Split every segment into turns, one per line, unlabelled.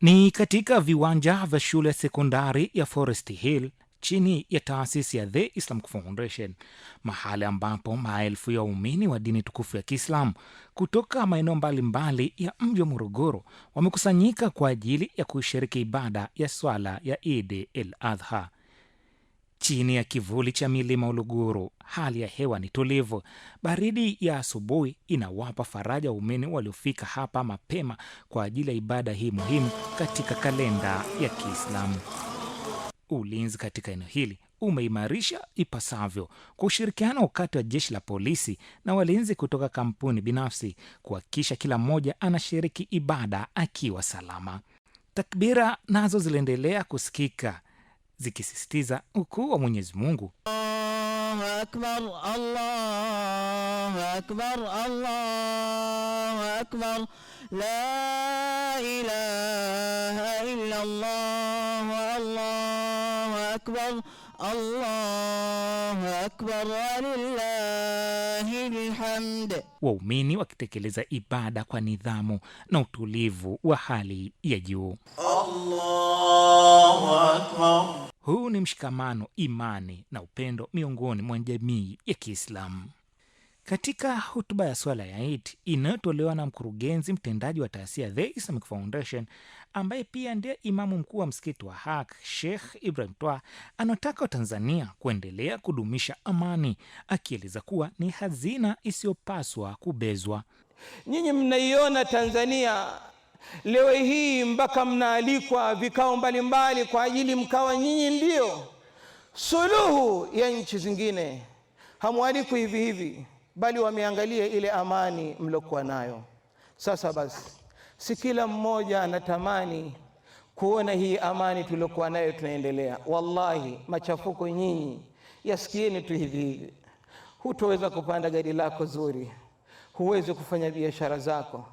Ni katika viwanja vya shule sekondari ya Forest Hill chini ya taasisi ya The Islamic Foundation, mahali ambapo maelfu ya waumini wa dini tukufu ya Kiislamu kutoka maeneo mbalimbali ya mji wa Morogoro wamekusanyika kwa ajili ya kushiriki ibada ya swala ya Idi el Adha. Chini ya kivuli cha milima Uluguru, hali ya hewa ni tulivu. Baridi ya asubuhi inawapa faraja waumini waliofika hapa mapema kwa ajili ya ibada hii muhimu katika kalenda ya Kiislamu. Ulinzi katika eneo hili umeimarisha ipasavyo kwa ushirikiano wakati wa jeshi la polisi na walinzi kutoka kampuni binafsi kuhakikisha kila mmoja anashiriki ibada akiwa salama. Takbira nazo ziliendelea kusikika zikisisitiza ukuu wa Mwenyezi Mungu. Allahu akbar, Allahu akbar, Allahu akbar, la ilaha illa Allah الله الله akbar walillahi lhamd. Waumini wakitekeleza ibada kwa nidhamu na utulivu wa hali ya juu. Huu ni mshikamano, imani na upendo miongoni mwa jamii ya Kiislamu. Katika hotuba ya swala ya it inayotolewa na mkurugenzi mtendaji wa taasisi ya The Islamic Foundation ambaye pia ndiye imamu mkuu wa msikiti wa hak Sheikh Ibrahim twa anataka Watanzania kuendelea kudumisha amani, akieleza kuwa ni hazina isiyopaswa kubezwa.
Nyinyi mnaiona Tanzania leo hii mpaka mnaalikwa vikao mbalimbali kwa ajili mkawa nyinyi ndiyo suluhu ya nchi zingine, hamwalikwi hivi hivi bali wameangalia ile amani mliokuwa nayo. Sasa basi, si kila mmoja anatamani kuona hii amani tuliokuwa nayo tunaendelea. Wallahi, machafuko nyinyi yasikieni tu hivi hivi, hutoweza kupanda gari lako zuri, huwezi kufanya biashara zako,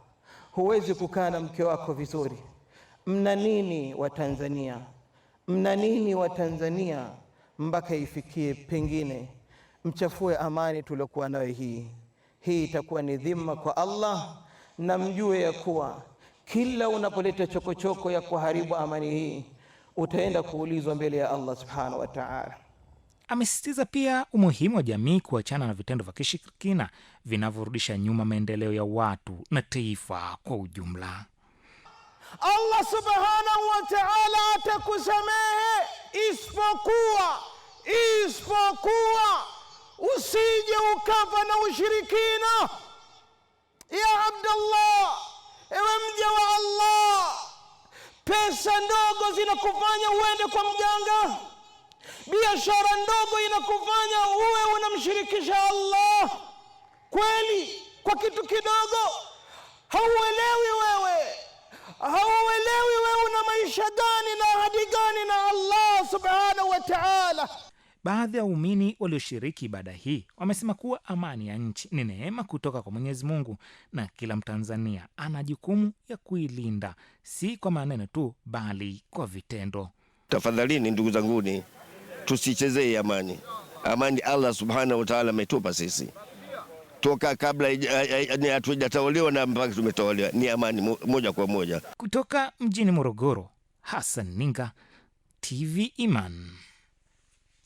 huwezi kukaa na mke wako vizuri. Mna nini wa Tanzania? Mna nini wa Tanzania mpaka ifikie pengine mchafue amani tuliokuwa nayo hii. Hii itakuwa ni dhima kwa Allah, na mjue ya kuwa kila unapoleta chokochoko ya kuharibu amani hii utaenda kuulizwa mbele ya Allah subhanahu wa ta'ala.
Amesisitiza pia umuhimu wa jamii kuachana na vitendo vya kishirikina vinavyorudisha nyuma maendeleo ya watu na taifa kwa ujumla.
Allah subhanahu wa ta'ala atakusamehe isipokuwa isipokuwa usije ukafa na ushirikina. Ya Abdallah, ewe mja wa Allah, pesa ndogo zinakufanya uende kwa mganga, biashara ndogo inakufanya uwe unamshirikisha Allah. Kweli kwa kitu kidogo hauelewi wewe, hauelewi wewe una maisha gani na ahadi gani na Allah subhanahu wa ta'ala.
Baadhi ya waumini walioshiriki ibada hii wamesema kuwa amani ya nchi ni neema kutoka kwa Mwenyezi Mungu na kila Mtanzania ana jukumu ya kuilinda, si kwa maneno tu, bali kwa vitendo.
Tafadhalini ndugu zanguni, tusichezee amani. Amani Allah subhanahu wataala ametupa sisi toka kabla hatujatawaliwa na mpaka tumetawaliwa, ni amani moja kwa moja.
Kutoka mjini Morogoro, hasan Ninga, TV Iman.